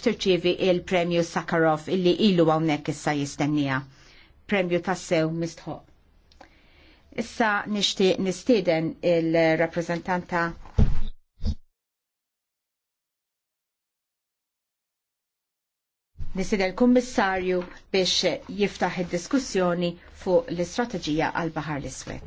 biex tirċievi il-premju Sakharov illi ilu hawnhekk issa jistennija. Premju tassew mistħoq. Issa nixtieq nistieden il-rappreżentanta nisida l-Kummissarju biex jiftaħ id-diskussjoni fuq l-istrateġija għal-Bahar l-Iswed.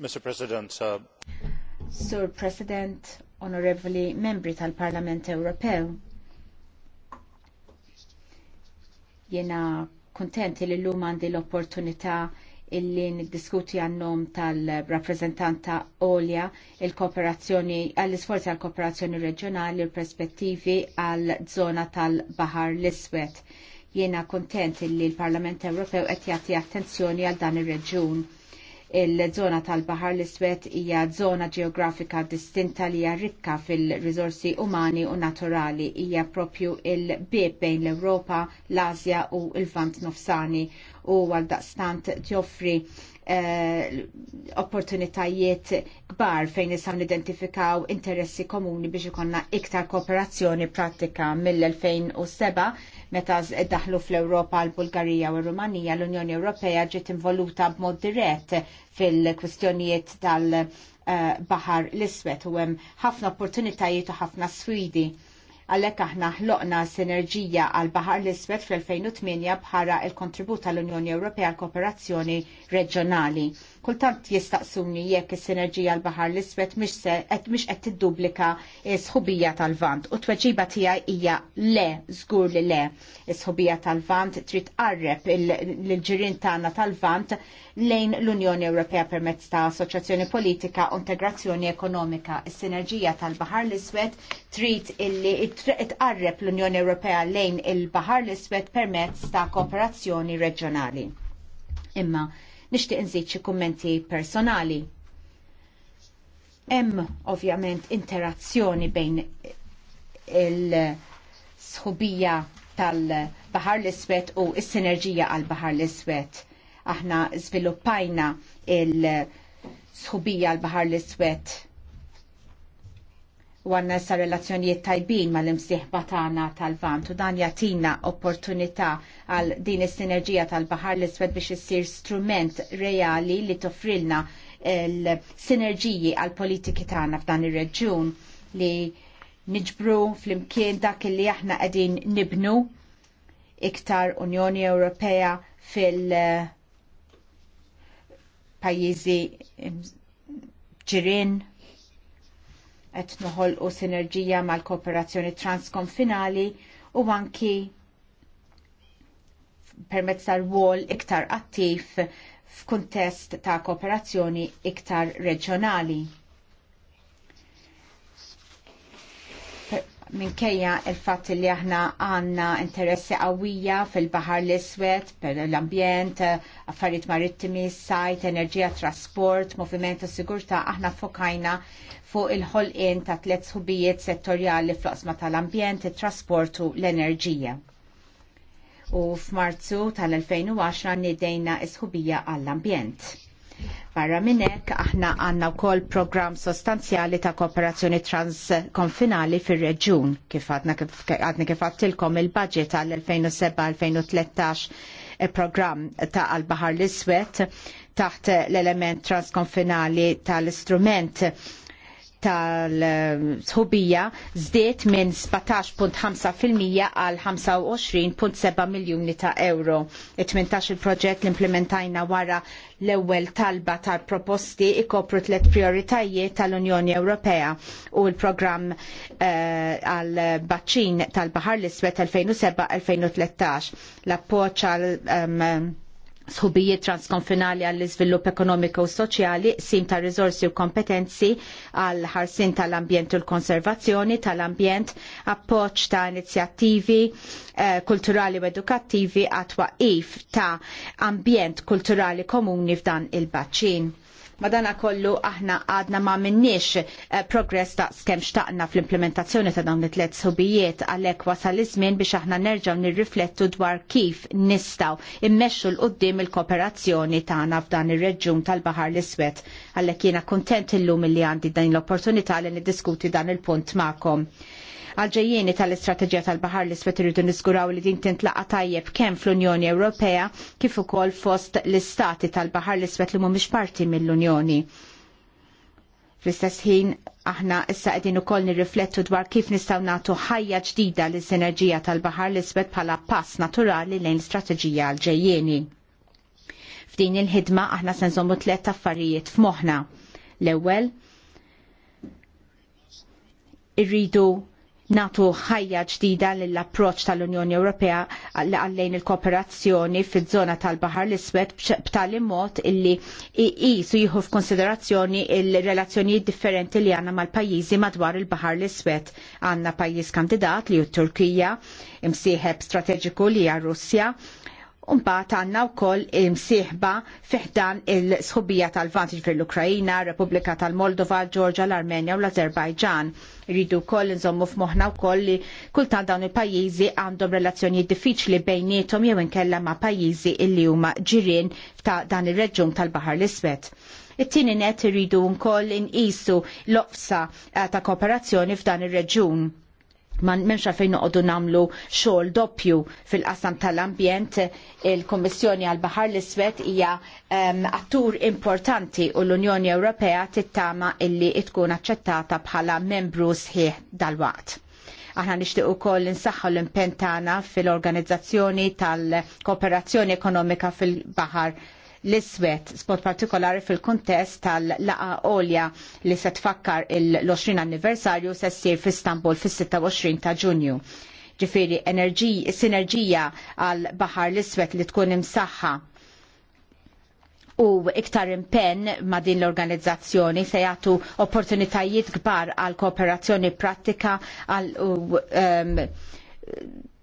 Mr. President. Uh... Sur President, onorevoli membri tal-Parlament Ewropew, jena kontenti li l-lum għandi l-opportunità illi niddiskuti għannom tal-rappresentanta Olja il-kooperazzjoni għall-isforzi għall kooperazzjoni reġjonali u l-perspettivi għall-żona tal-Bahar l-Iswed. Jena kontent li l-Parlament Ewropew qed jagħti attenzjoni għal dan ir-reġjun Il-żona tal-Bahar l-Iswed hija żona ġeografika distinta li hija rikka fil-riżorsi umani u naturali hija propju il bieb bejn l-Ewropa, l-Asja u l-Vant Nofsani u għaldaqstant ġoffri eh, opportunitajiet kbar fejn nisam identifikaw interessi komuni biex ikonna iktar kooperazzjoni pratika mill-2007 Meta daħlu fl-Ewropa l-Bulgarija u r-Rumanija, l-Unjoni Ewropea ġiet involuta b'mod dirett fil-kwistjonijiet tal eh, baħar l-Iswed u hemm ħafna opportunitajiet u ħafna sfidi Għalhekk aħna ħloqna sinerġija għal Baħar l-Iswed fl-2008 bħala il-kontribut tal-Unjoni Ewropea għal kooperazzjoni reġjonali. Kultant jistaqsuni jekk is-sinerġija għal Baħar l-Iswed mhix qed tiddublika sħubija tal-vant. U tweġiba tiegħi hija le, żgur li le. Is-sħubija tal-vant trid qarreb l-ġirien tagħna tal-vant lejn l-Unjoni Ewropea permezz ta' Assoċjazzjoni Politika u Integrazzjoni Ekonomika. Is-sinerġija tal-Baħar l isbet trid illi Itqarreb l-Unjoni Ewropea lejn il-Bahar l-Iswed permezz ta' kooperazzjoni reġjonali. Imma nixtieq nżid xi kummenti personali. Hemm ovvjament interazzjoni bejn il-sħubija tal-Bahar l-Iswed u s-sinerġija għal-Bahar l-Iswed. Aħna żviluppajna il-sħubija għal bahar l-Iswed u għanna issa relazzjonijiet tajbin mal-imsieħba tagħna tal-vant u dan jatina opportunità għal din is-sinerġija tal-Baħar l-Iswed biex issir strument reali li toffrilna l-sinerġiji għal politiki tagħna f'dan ir-reġjun li niġbru fl-imkien dak li aħna qegħdin nibnu iktar Unjoni Ewropea fil-pajjiżi ġirien qed noħolqu sinerġija mal-kooperazzjoni transkonfinali u anki permezz tal-wol iktar attiv f'kuntest ta' kooperazzjoni iktar reġjonali. minkejja il-fatt li aħna għanna interessi qawwija fil-Bahar l-Iswed, per l-ambjent, affarijiet marittimi, sajt, enerġija, trasport, moviment u sigurta, aħna fokajna fuq il-ħolqien ta' tliet sħubijiet settorjali fl-osma tal-ambjent, it-trasport u l-enerġija. U f'Marzu tal-2010 nidejna sħubija għall-ambjent Barra minnek, aħna għanna wkoll program sostanzjali ta' kooperazzjoni transkonfinali fir-reġjun kif għadna kif għattilkom il-budget għal-2007-2013 program ta' għal-Bahar l-Iswet taħt l-element transkonfinali tal-istrument tal-sħubija zdiet minn 17.5% għal 25.7 miljoni ta' euro. It-18 il-proġett l-implementajna wara l-ewwel talba tal-proposti ikopru tliet prioritajiet tal-Unjoni Ewropea u l-programm eh, għal uh, baċċin tal-Baħar l-Iswed 2007-2013. L-appoċ għal um, sħubijiet transkonfinali għall iżvilupp ekonomiku u soċjali, sim ta' rizorsi u kompetenzi għall ħarsin tal-ambjent u l-konservazzjoni tal-ambjent, appoġġ ta' inizjattivi eh, kulturali u edukattivi għat ta' ambjent kulturali komuni f'dan il-baċċin. Madana kollu aħna għadna ma minniex eh, progress ta' skem xtaqna fl-implementazzjoni ta' dawn it-tlet subijiet għalek wasal iż-żmien biex aħna nerġaw nirriflettu dwar kif nistaw immexxu l qoddim il-kooperazzjoni tagħna f'dan ir-reġjun tal-Baħar l-Iswed. Għalek jiena kuntent illum li għandi dan l-opportunità li niddiskuti dan il-punt ma'kom. Għalġejjeni tal-istrateġija tal-Bahar l-Iswed irridu niżguraw li din tintlaqa tajjeb kemm fl-Unjoni Ewropea kif ukoll fost l-istati tal-Bahar li iswed li mhumiex parti mill-Unjoni. Fl-istess ħin aħna issa qegħdin ukoll nirriflettu dwar kif nistgħu nagħtu ħajja ġdida lis sinerġija tal-Bahar l-Iswed bħala pass naturali lejn strateġija għal-ġejjeni. F'din il-ħidma aħna se nżommu tliet affarijiet f'moħħna. L-ewwel irridu natu ħajja ġdida lill-approċċ tal-Unjoni Ewropea għallejn il-kooperazzjoni fiż-żona tal bahar l-Iswed b'tali mod illi jisu jieħu f'konsiderazzjoni il-relazzjonijiet differenti li għandna mal-pajjiżi madwar il bahar l-Iswed. Għandna pajjiż kandidat li hu Turkija, imsieħeb strateġiku li hija Russja, Umbat għanna u koll imsieħba fiħdan il-sħubija tal-vantiġ fil ukraina ukrajina Repubblika tal-Moldova, Georgia, l-Armenja u l-Azerbajġan. Ridu koll nżommu f'moħna u koll li kultan dawn il-pajizi għandhom relazzjoni diffiċli bejnietom jew inkella ma' pajizi illi huma ġirien ta' dan ir-reġjun tal-Bahar l-Iswed. It-tieni net irridu nkoll inqisu l ofsa eh, ta' kooperazzjoni f'dan ir-reġjun man memx għalfejn noqogħdu nagħmlu xogħol doppju fil-qasam tal-ambjent il-Kummissjoni għal baħar l-Iswed hija um, attur importanti u l-Unjoni Ewropea tittama illi tkun aċċettata bħala membru sħiħ dal-waqt. Aħna nixtiequ ukoll insaħħu l-impentana fil-organizzazzjoni tal-kooperazzjoni ekonomika fil-baħar l-iswed, spot partikolari fil-kontest tal-laqa olja li se tfakkar l-20 anniversarju se ssir fi Istanbul fis-26 ta' Ġunju. Ġifiri, sinerġija għal baħar l-iswed li tkun imsaħħa u iktar impenn ma' din l-organizzazzjoni se jagħtu opportunitajiet kbar għal kooperazzjoni prattika għal um,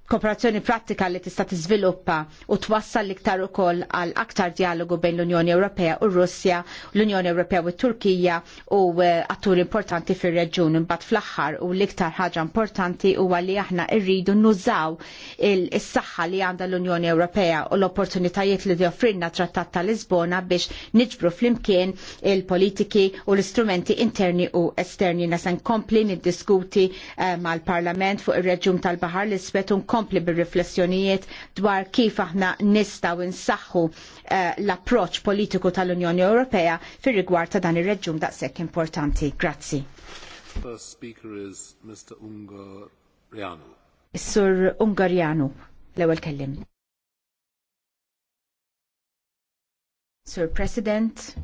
kooperazzjoni pratika li tista' tiżviluppa u twassal l-iktar ukoll għal aktar dialogu bejn l-Unjoni Ewropea u Russja, l-Unjoni Ewropea u Turkija u eh, attur importanti fir-reġjun imbagħad fl-aħħar u l-iktar ħaġa importanti huwa li aħna rridu nużaw is-saħħa li għandha l-Unjoni Ewropea u l-opportunitajiet li joffrinna trattat ta' Lisbona biex niġbru flimkien il-politiki u l-istrumenti interni u esterni nasa nkompli niddiskuti eh, mal-Parlament fuq ir-reġjun tal-Baħar l-Isbet tkompli bil riflessjonijiet dwar kif aħna nistgħu nsaħħu eh, l-approċċ politiku tal-Unjoni Ewropea fir-rigward ta' dan ir-reġjun daqshekk importanti. Grazzi. is sur Ungarjanu, l-ewwel kellim. Sur President,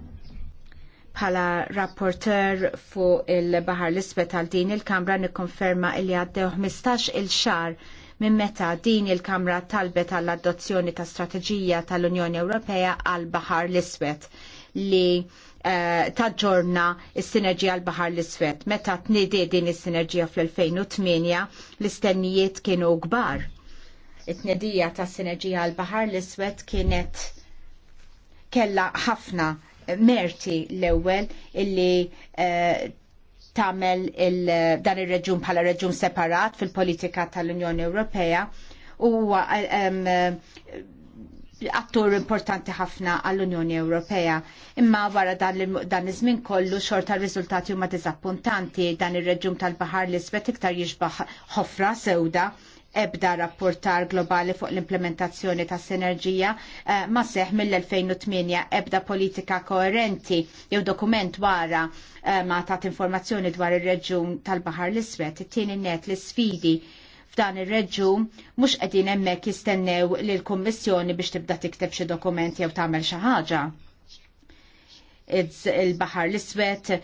bħala rapporteur fuq il-Bahar l-Isbet għal din il-Kamra nikkonferma li għaddew 15 il-xar minn meta din il-Kamra talbet għall-adozzjoni ta' strateġija tal-Unjoni Ewropea għal baħar l-Iswed li uh, taġġorna s-sinerġija għal bahar l-Iswed. Meta tnidi din is-sinerġija fl-2008 l-istennijiet kienu kbar. It-tnedija ta' sinerġija għal bahar l-Iswed kienet kella ħafna merti l-ewwel illi uh, tamel il, dan il-reġun bħala reġun separat fil-politika tal-Unjoni Ewropea u um, attur importanti ħafna għall-Unjoni Ewropea. Imma wara dan iż-żmien kollu xorta r-riżultati huma diżappuntanti dan ir reġjun tal-Baħar l iktar jiġbaħ ħofra sewda ebda rapportar globali fuq l-implementazzjoni ta' sinerġija eh, ma seħ mill-2008 ebda politika koerenti jew dokument wara eh, ma ta' informazzjoni dwar ir-reġjun tal-Baħar l-Iswed, it-tieni net l-sfidi f'dan ir-reġjun mhux qegħdin hemmhekk jistennew lil kummissjoni biex tibda tikteb xi dokument jew tagħmel xi ħaġa il-Bahar l-Iswed eh,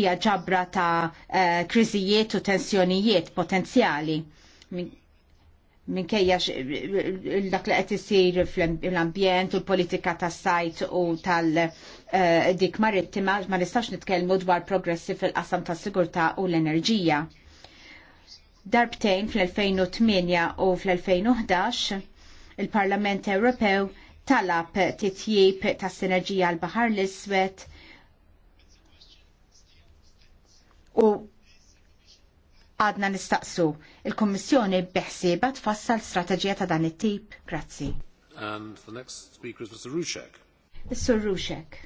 hija ġabra ta' kriżijiet u tensjonijiet potenzjali minkejja dak li qed isir fl-ambjent u l-politika tas-sajt u tal eh, dik marittima ma nistax nitkellmu dwar progressi fil-qasam tas-sigurtà u l-enerġija. Darbtejn fl-2008 u fl-2011 il-Parlament Ewropew talab titjib ta' sinerġija l-Bahar l-Iswed u għadna nistaqsu. Il-Kommissjoni beħsieba tfassal strateġija ta' dan it-tip. Grazzi. And um, the next speaker is Mr. Rushek. Mr. Rushek.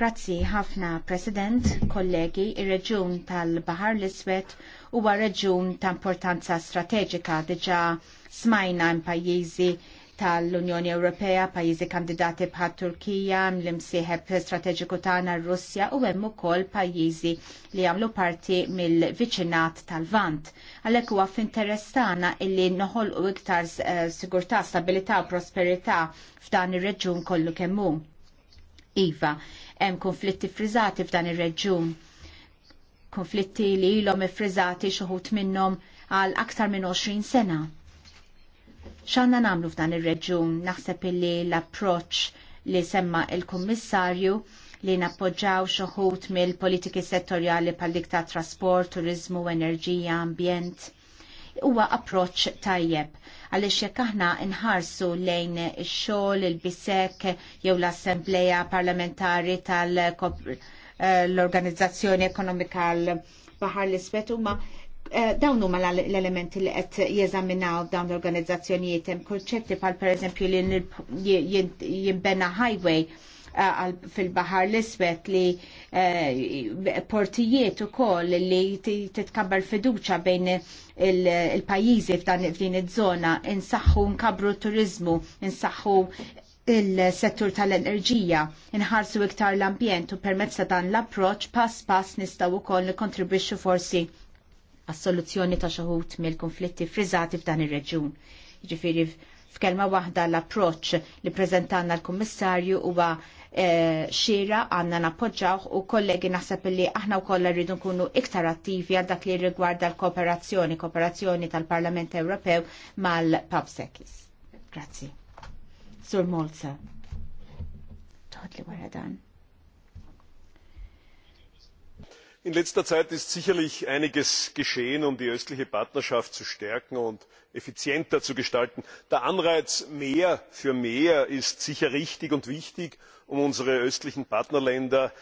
Grazzi ħafna, President, kollegi, ir-reġun tal-Bahar l-Iswed huwa reġun ta' importanza strateġika diġa smajna pajjiżi tal-Unjoni Ewropea, pajjiżi kandidati bħat Turkija, l-imsieħeb strateġiku tagħna r-Russja u hemm ukoll pajjiżi li jagħmlu parti mill-viċinat tal-Vant. Għalhekk huwa f'interess tagħna illi noħolqu iktar eh, sigurtà, stabilità u prosperità f'dan ir-reġjun kollu kemm hu. Iva, hemm konflitti friżati f'dan ir-reġjun. Konflitti li ilhom ifriżati xuħut minnhom għal aktar minn 20 sena Xanna namlu f'dan ir-reġun naħseb illi l-approċ li semma il-Kummissarju li nappoġġaw xoħut mill-politiki settorjali pal dik ta' trasport, turizmu, enerġija, ambjent. Huwa approċ tajjeb għaliex jekk aħna nħarsu lejn ix-xogħol il-bisek jew l-assembleja parlamentari tal-organizzazzjoni eh, ekonomika l-Baħar l-Isfet huma Eh, dawn huma l-elementi li qed jeżaminaw dawn l-organizzazzjonijiet hemm kunċetti bħal pereżempju li jinbena highway eh, fil-Bahar l-Iswed li eh, portijiet ukoll li titkabbar fiduċa bejn il-pajjiżi f'din iż-żona insaħħu nkabru turizmu, insaħħu il-settur tal-enerġija, inħarsu iktar l-ambjent u permezz ta' dan l-approċ pass pass nistaw li kontribwixxu forsi għas-soluzzjoni ta' xaħut mill-konflitti frizzati f'dan ir-reġjun. Ġifiri f'kelma waħda l-approċċ li prezentanna l-Kummissarju huwa eh, xira għanna nappoġġawh u kollegi naħseb li aħna u kollha rridu nkunu iktar attivi għal dak li rigwarda l-kooperazzjoni, kooperazzjoni tal-Parlament Ewropew mal-Pabsekis. Grazzi. Sur Molza. Toħod li wara dan. in letzter zeit ist sicherlich einiges geschehen um die östliche partnerschaft zu stärken und effizienter zu gestalten. der anreiz mehr für mehr ist sicher richtig und wichtig um äh, unseren östlichen partnerländern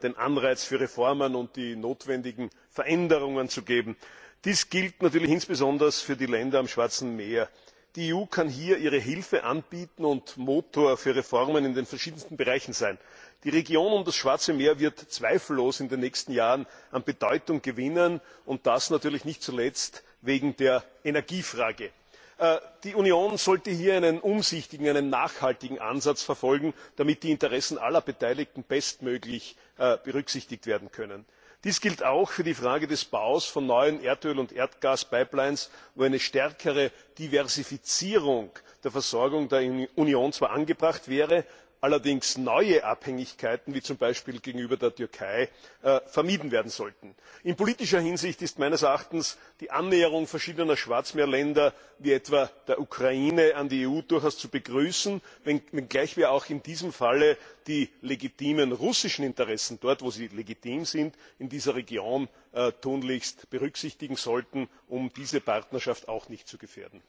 den anreiz für reformen und die notwendigen veränderungen zu geben. dies gilt natürlich insbesondere für die länder am schwarzen meer. die eu kann hier ihre hilfe anbieten und motor für reformen in den verschiedensten bereichen sein die region um das schwarze meer wird zweifellos in den nächsten jahren an bedeutung gewinnen und das natürlich nicht zuletzt wegen der energiefrage. Äh, die union sollte hier einen umsichtigen einen nachhaltigen ansatz verfolgen damit die interessen aller beteiligten bestmöglich äh, berücksichtigt werden können. dies gilt auch für die frage des baus von neuen erdöl und erdgaspipelines wo eine stärkere diversifizierung der versorgung der union zwar angebracht wäre allerdings neue abhängigkeiten wie zum beispiel gegenüber der türkei äh, vermieden werden sollten. in politischer hinsicht ist meines erachtens die annäherung verschiedener schwarzmeerländer wie etwa der ukraine an die eu durchaus zu begrüßen wenngleich wir auch in diesem falle die legitimen russischen interessen dort wo sie legitim sind in dieser region äh, tunlichst berücksichtigen sollten um diese partnerschaft auch nicht zu gefährden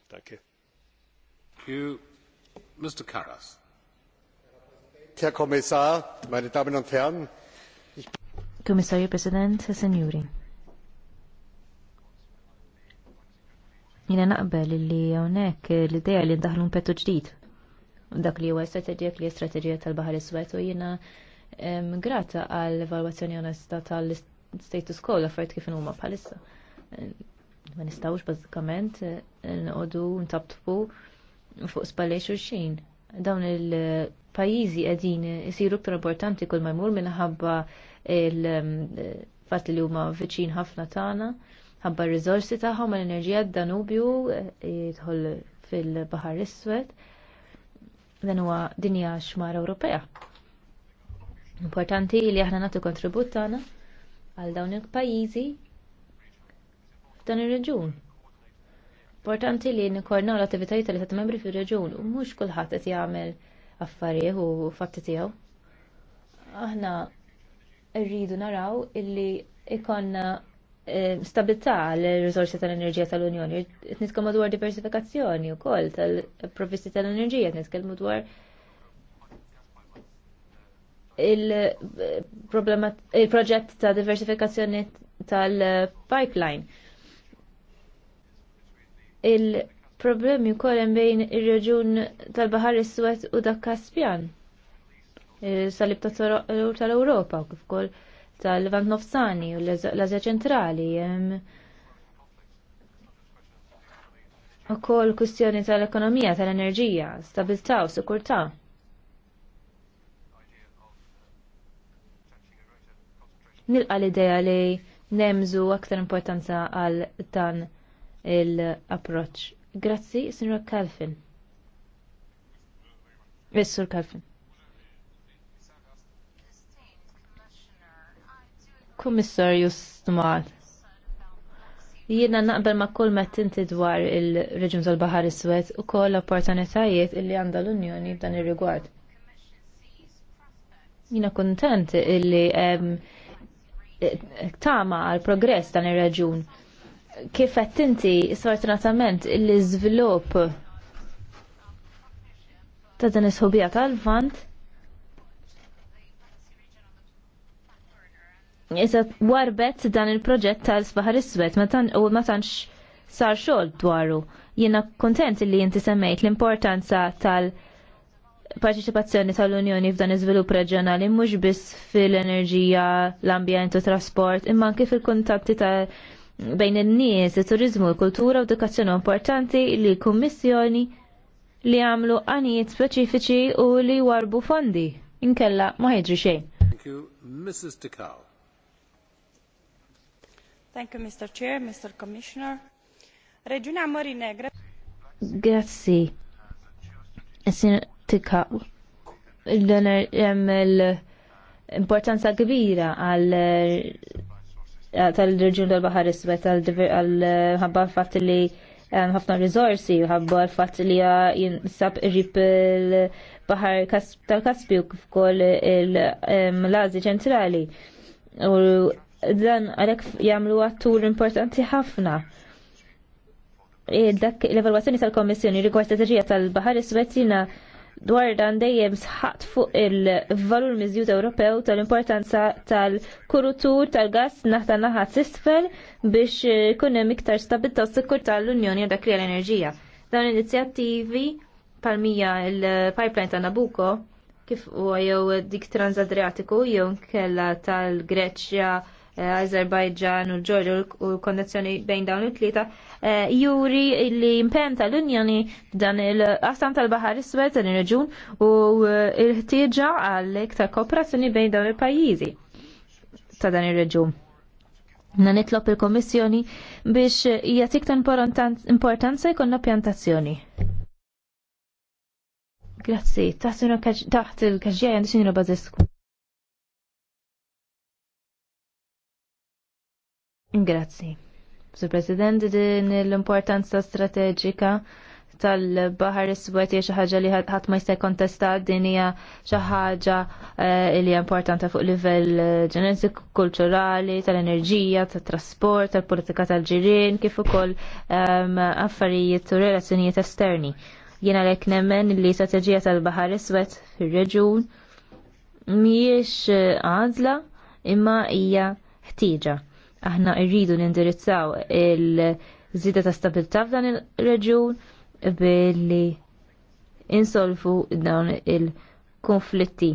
herr kommissar meine damen und herren! Ich... president sinjuri jiena naqbel li hawnhekk l-idea li ndaħlu npettu ġdid dak li huwa strategija li strategija tal-baħar iswed u jina grata għall evalwazzjoni onesta tal-status quo l-affarijiet kif huma bħalissa. Ma nistgħux bażikament nqogħdu ntabtfu fuq spallej xulxin dawn il-pajizi għedin jisiru ktar importanti kull ma jmur minħabba il-fat um, li huma viċin ħafna tagħna ħabba r-rizorsi tagħhom l-enerġija d-Danubju eh, jidħol fil-Baħar Iswed. Dan huwa dinja xmara Ewropea. Importanti li aħna nagħtu kontribut tagħna għal dawn il-pajjiżi f'dan ir-reġun. Importanti li nikorna l-attivitajiet li ta' membri fir-reġun u mhux kulħadd qed jagħmel affarijiet u fatti tiegħu. Aħna rridu naraw illi ikonna eh, stabilità l-riżorsi tal-enerġija tal-Unjoni. Nitkellmu dwar diversifikazzjoni wkoll tal-provvisti tal-enerġija, nitkellmu dwar il-proġett ta' diversifikazzjoni tal-pipeline il-problemi wkoll hemm bejn ir-reġjun tal-Baħar Iswed u dak Kaspjan. E, Salib tal-Ewropa kif ukoll tal-Levant Nofsani u l-Azja ċentrali u kol kwistjoni tal-ekonomija, tal-enerġija, stabilta u sikurtà. Nilqa l-idea li nemżu aktar importanza għal dan l-approċ. Grazzi, Sinra Kalfin. Sur Kalfin. Kummissarju Stmat. Jiena naqbel ma' kull ma' tinti dwar il-reġim tal-Bahar Iswed u koll opportunitajiet illi għandha l-Unjoni f'dan ir-rigward. Jiena kuntent illi tama għal progress dan ir-raġun kif qed inti sfortunatament l-iżvilupp ta' dan is-ħubija tal-vant Issa warbet dan il-proġett tal-Sbaħar Iswed u ma tantx sar xogħol dwaru. Jiena kontent li inti semmejt l-importanza tal-parċiċipazzjoni tal-Unjoni f'dan iżvilupp reġjonali mhux biss fil-enerġija, l-ambjent u trasport, imma anke fil-kuntatti tal- bejn in-nies, it-turizmu, l-kultura u edukazzjoni importanti li kummissjoni li għamlu għanijiet speċifiċi u li warbu fondi. Inkella ma ħedri xejn. Thank you, Mrs. Tikal. Thank you, Mr. Chair, Mr. Commissioner. Reġuna Mori Negra. Grazzi. Sin Tikal. Il-donar l-importanza kbira għal tal-reġjun tal-Bahar Iswed għal-ħabba fatt li um, ħafna rizorsi ħabba l-fatt li uh, jinsab irrib il-Bahar tal-Kaspju kif kol um, l-Azi ċentrali. U dan għalek jamlu għattur importanti ħafna. E, dak l evaluazzjoni tal komissjoni rigward strategija tal-Bahar Iswed jina Dwar dan dejjem sħat fuq il-valur miżjud Ewropew tal-importanza tal-kurutur tal-gas naħta naħat isfel biex kunem iktar stabilta u sikur tal-Unjoni għadak li l-enerġija. Dan inizjattivi palmija il-pipeline ta' Nabucco kif u jew dik transadriatiku jew kella tal-Greċja Eh, Azerbaijan u l u l-konnezzjoni bejn dawn it-tlieta eh, juri li impen tal-Unjoni dan il-qasam tal-Baħar Iswed dan ir-reġun u l-ħtieġa għal iktar kooperazzjoni bejn dawn il-pajjiżi ta' dan ir-reġun. Na il-Komissjoni biex jagħtik importanza jkollna pjantazzjoni. Grazzi, taħt il-kaġġija għandix nirba zisku. Grazzi. Sur President, din l-importanza strateġika tal-Bahar Iswed hija xi ħaġa li ħadd ma jista' jkontesta din hija xi ħaġa eh, li hija importanti fuq livell eh, ġenetiku, kulturali, tal-enerġija, tat-trasport, tal-politika tal-ġirien, kif ukoll ehm, affarijiet u relazzjonijiet esterni. Jiena lek nemmen li strateġija tal-Bahar Iswed fir-reġun mhijiex eh, għażla imma hija ħtieġa. Aħna irridu nindirizzaw il-żida ta' stabilità f'dan il-reġjun billi insolfu dawn il-konflitti.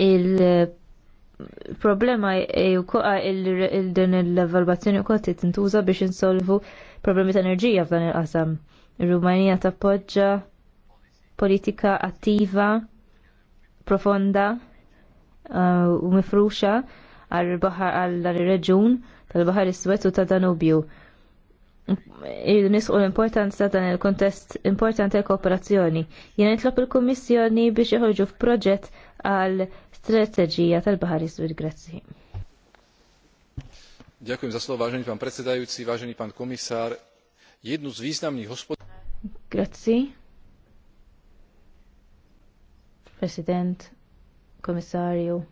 Il-problema il-din il-valvazzjoni u kotti tintuża biex insolvu problemi ta' enerġija f'dan il-qasam. Rumanija tappoġġa politika attiva, profonda uh, u uh, mifruxa għal-reġun bahar għal tal-Bahar is-Suez u ta' Danubju. Nisqu l-importanza dan il-kontest importanti l-kooperazzjoni. Jena nitlob il-Kommissjoni biex joħorġu f'proġett għal-strategija tal-Bahar is-Suez. Grazzi. Dziękuję za słowa, vážený pan predsedajúci, vážený pan komisar. Jednu z významných hospod... Grazie. Prezydent, komissarju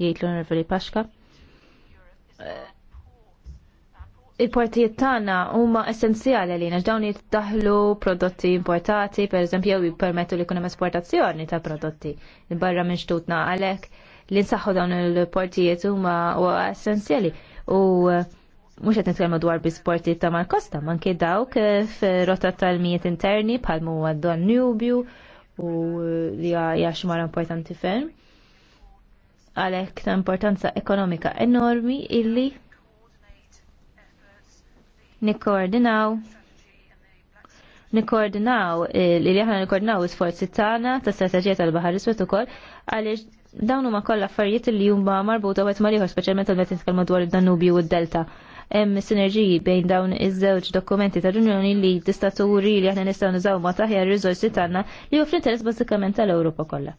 jgħid l-Onorevoli Paxka. Il-partijiet tagħna huma essenzjali li dawn jiddaħlu prodotti importati, pereżempju jew jippermettu li jkun hemm esportazzjoni ta' prodotti barra minn xtutna għalhekk li nsaħħu dawn il-partijiet huma essenzjali u eh, mhux qed nitkellmu dwar bisporti ta' Malkosta. kosta manki dawk eh, f'rotta tal-mijiet interni bħal huwa għad Nubju u eh, li xi mara importanti ferm għalhekk ta' importanza ekonomika enormi illi nikkoordinaw nikkoordinaw li aħna nikkoordinaw is forzi tagħna ta' strateġija tal-baħar iswed ukoll għaliex dawn huma kollha affarijiet li huma marbuta wet mal ieħor speċjalment meta nitkellmu dwar id-Danubju u d-Delta. Hemm sinerġiji bejn dawn iż-żewġ dokumenti tal-Unjoni li tista' turi li aħna nistgħu nużaw ma' taħjar riżorsi tagħna li hu fl-interess bażikament tal-Ewropa kollha.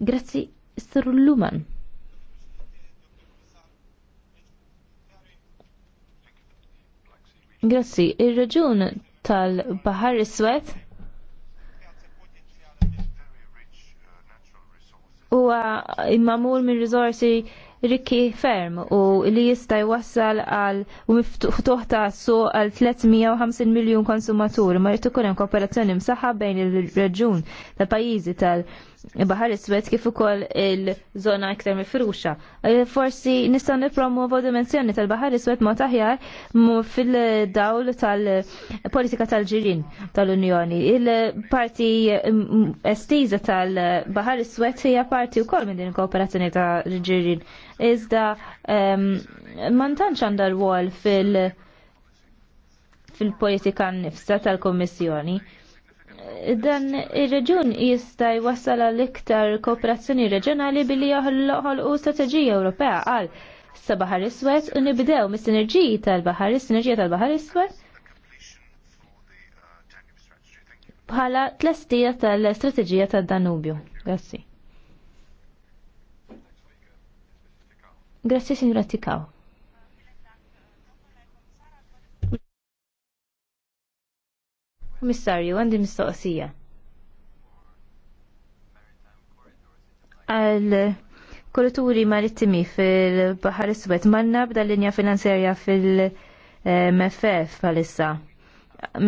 Grazzi Sir Luman. Grazzi, ir-reġun tal-Bahar Iswed huwa immamul minn riżorsi rikki ferm u li jista' jwassal għal u miftuħ ta' suq għal 350 miljun konsumatur ma jrid ikun hemm kooperazzjoni msaħħa bejn ir-reġun ta' pajjiżi tal-Bahar il-Bahar Iswed kif ukoll il-żona iktar mifruxa. E, forsi nistgħu nippromuvu dimensjoni tal-Bahar Iswed ma taħjar fil-dawl tal-politika tal-ġirin tal-Unjoni. Il-parti estiża tal-Bahar Iswed hija parti wkoll minn din il-kooperazzjoni ta' ġirin. Iżda ma tantx għandha rwol fil- fil-politika nifsa tal-Kommissjoni dan ir-reġun jista' jwassal għal iktar kooperazzjoni reġjonali billi u strateġija Ewropea għal sa Baħar Iswed u nibdew mis-sinerġiji tal-Baħar, sinerġija tal-Baħar Iswed bħala tlestija tal-strateġija tad-Danubju. Grazzi. Grazzi, Signora Tikaw. Kummissarju, għandi mistoqsija. Għal ma marittimi fil-Bahar Iswed manna bda linja finanzjarja fil-MFF palissa.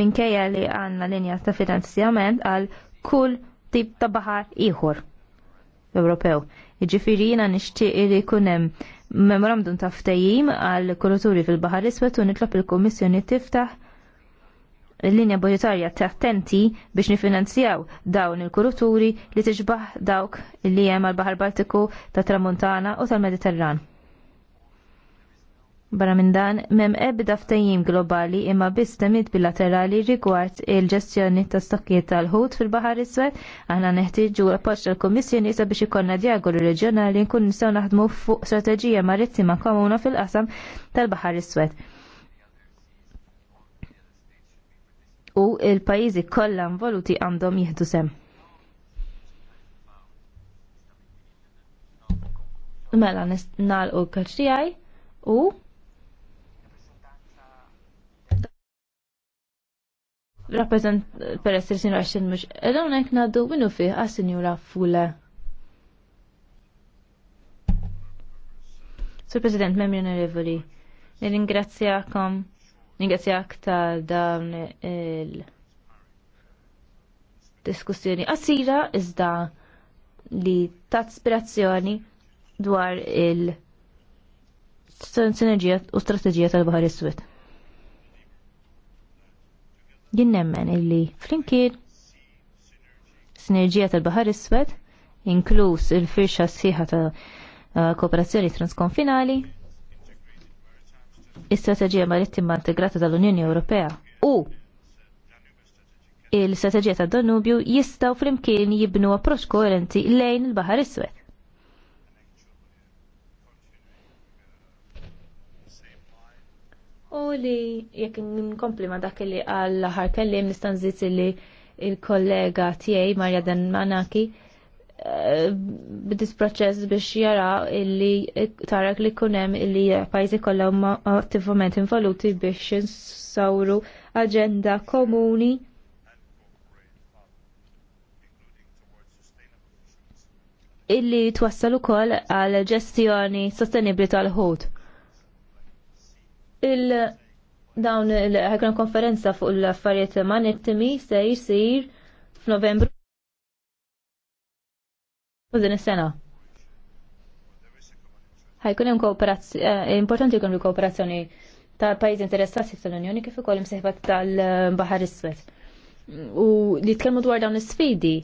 Minkejja li għanna linja ta' finanzjament għal kull tip ta' bahar iħor Ewropew. Iġifiri jina nishtiq li kunem memorandum ta' ftajim għal kulturi fil-Bahar Iswed u nitlob il komissjoni tiftaħ l-linja budgetarja attenti biex nifinanzjaw dawn il-kuruturi li tiġbaħ dawk li hemm għal baħar Baltiku tat Tramuntana u tal-Mediterran. Barra minn dan, m'hemm ebda ftajim globali imma biss temiet bilaterali rigward il-ġestjoni ta' stokkiet tal-ħut fil bahar Iswed, aħna neħtieġu appoġġ tal-Kummissjoni sa biex ikonna dialogu reġjonali nkun nistgħu naħdmu fuq strateġija marittima komuna fil-qasam tal-Baħar Iswed u il-pajjiżi kollha involuti għandhom jieħdu sem. Mela nalqu u kaċċijaj u rappresent per essere Sinu għaxin mux edon ek naddu minu fi għas-sinjura Fule. Sur President, memri onorevoli, nir-ingrazzjakom Ningrazzjak aktar dawn il- diskussjoni qasira iżda li ta' ispirazzjoni dwar il- sinerġija u strateġija tal-Bahar Iswed. Jien nemmen illi flimkien sinerġija tal-Bahar Iswed inkluż il-firxa sħiħa ta' kooperazzjoni transkonfinali Is-strateġija marittima integrata tal-Unjoni Ewropea u il-strateġija tad Danubju jistgħu flimkien jibnu approċċ koerenti lejn il-Baħar Iswed. U li jekk nkompli ma dak li għall aħħar kellim nistanżit li il-kollega tiegħi Marja Dan Manaki Eh, b'dis proċess biex jara illi tarak li kunem illi pajzi kollha huma attivament involuti biex insawru aġenda komuni illi twassal ukoll għal ġestjoni sostenibbli tal-ħut. Il dawn il ħekran konferenza fuq l-affarijiet manittimi se jsir f'Novembru u din is-sena. Ħajkun hemm kooperazzjoni eh, importanti jkun kooperazzjoni ta' pajjiżi interessati tal-Unjoni kif ukoll imsejħbat tal-Baħar Iswed. U li tkellmu dwar dawn is-sfidi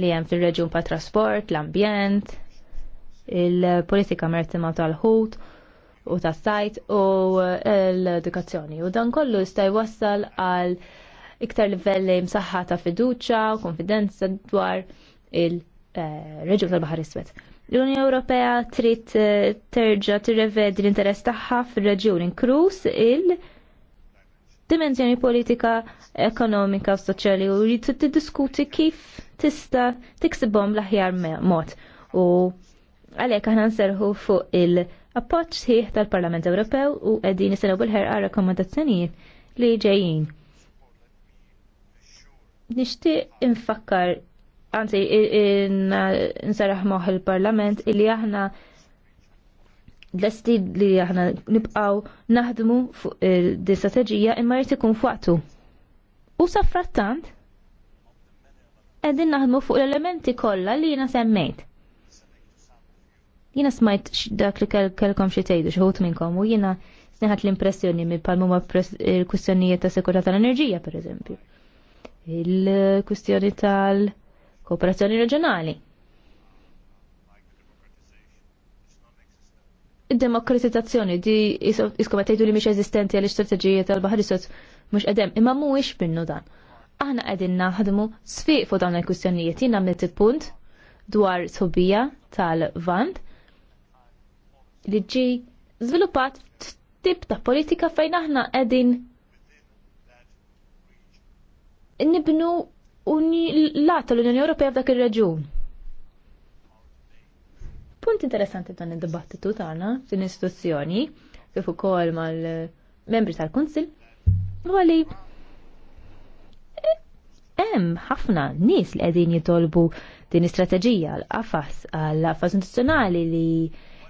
li hemm fir-reġjun pa' trasport, l-ambjent, il-politika marittima tal-ħut u tas-sajt u eh, l-edukazzjoni. U dan kollu jista' jwassal għal iktar livelli msaħħa ta' fiduċja u konfidenza dwar il- Eh, reġun tal-Bahar Iswed. L-Unjoni Ewropea trid eh, terġa' tirrevedi l-interess tagħha fir-reġjun inkluż il dimensjoni politika, ekonomika u soċjali u jrid tiddiskuti kif tista' tiksibhom l-aħjar mod. U għalhekk aħna nserħu fuq il-appoġġ sħiħ tal-Parlament Ewropew u qegħdin nisilgħu bil-ħerqa rakkomandazzjonijiet li ġejjin. Nixtieq infakkar anzi uh, nsaraħ moħ il-parlament illi aħna l estid li aħna nibqaw naħdmu fuq eh, di strategija imma jrid ikun fuqtu. U saffrattant, qegħdin naħdmu fuq l-elementi kollha li jiena semmejt. Jiena smajt dak li kellkom xi tgħidu xi minnkom u jiena sniħat l-impressjoni minn ma il-kwistjonijiet ta' sekurata tal-enerġija, per eżempju. Il-kwistjoni tal- kooperazzjoni reġjonali. Id-demokratizzazzjoni di iskometejtu li mhix eżistenti għal istrateġija tal-Baħar Isod mhux qedem, imma mhuwiex minnu dan. Aħna qegħdin naħdmu sfiq fuq dawn il-kwistjonijiet jiena il-punt dwar sobija tal-Vand li ġi żviluppat tip ta' politika fejn aħna qegħdin nibnu l-għat l unjoni Ewropea f'dak ir-reġun. Punt interessanti dan id-dibattitu tagħna fin istituzzjoni kif ukoll mal-membri tal-Kunsil huwa li eh, hemm ħafna nies li qegħdin jitolbu din istrateġija l-qafas għall-qafas nazzjonali li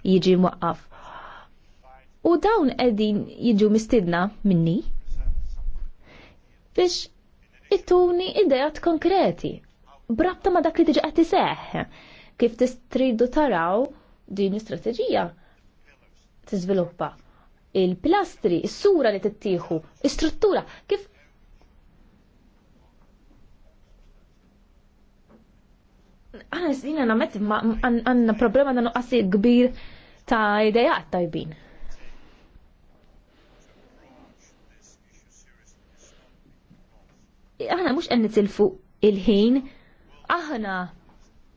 jiġi mwaqqaf. U dawn qegħdin jiġu mistidna minni biex ittuni idejat konkreti. Brabta ma dak li tiġi qed iseħħ. Kif tistridu taraw din l-istrateġija tiżviluppa il-pilastri, is-sura li tittieħu, is-struttura, kif Għana s-sina għanna problema għanna nuqqasi kbir ta' idejat tajbin. aħna mhux qed nitilfu il-ħin, aħna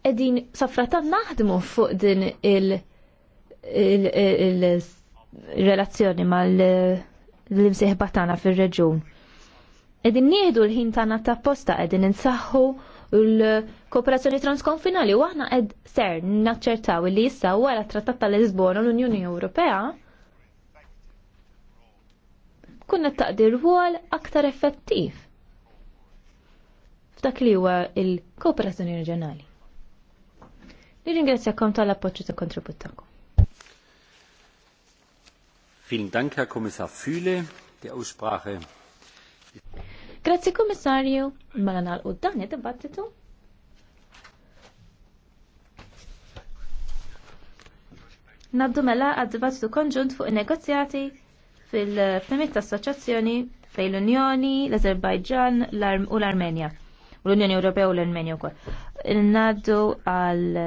qegħdin safratan naħdmu fuq din il-relazzjoni mal-imsieħba tagħna fir-reġun. Qegħdin nieħdu l-ħin tagħna ta' posta qegħdin insaħħu l-kooperazzjoni transkonfinali u aħna qed ser naċċertaw li issa wara trattat tal-Lisbona l-Unjoni Ewropea kunna taqdi rwol aktar effettiv f'dak li huwa il-kooperazzjoni reġjonali. Nirringrazzjakom tal-appoġġu ta' kontribut tagħkom. Vielen Dank, Herr Kommissar Fühle. der Aussprache. Grazie, Kommissarju. Malanal nagħlqu dan id-dibattitu. Naddu mela għad-dibattitu konġunt fuq il-negozjati fil-permit assoċjazzjoni fejn l-Unjoni, l-Azerbajġan u l-Armenja l-Unjoni Ewropea u l-Armenja wkoll. Naddu għal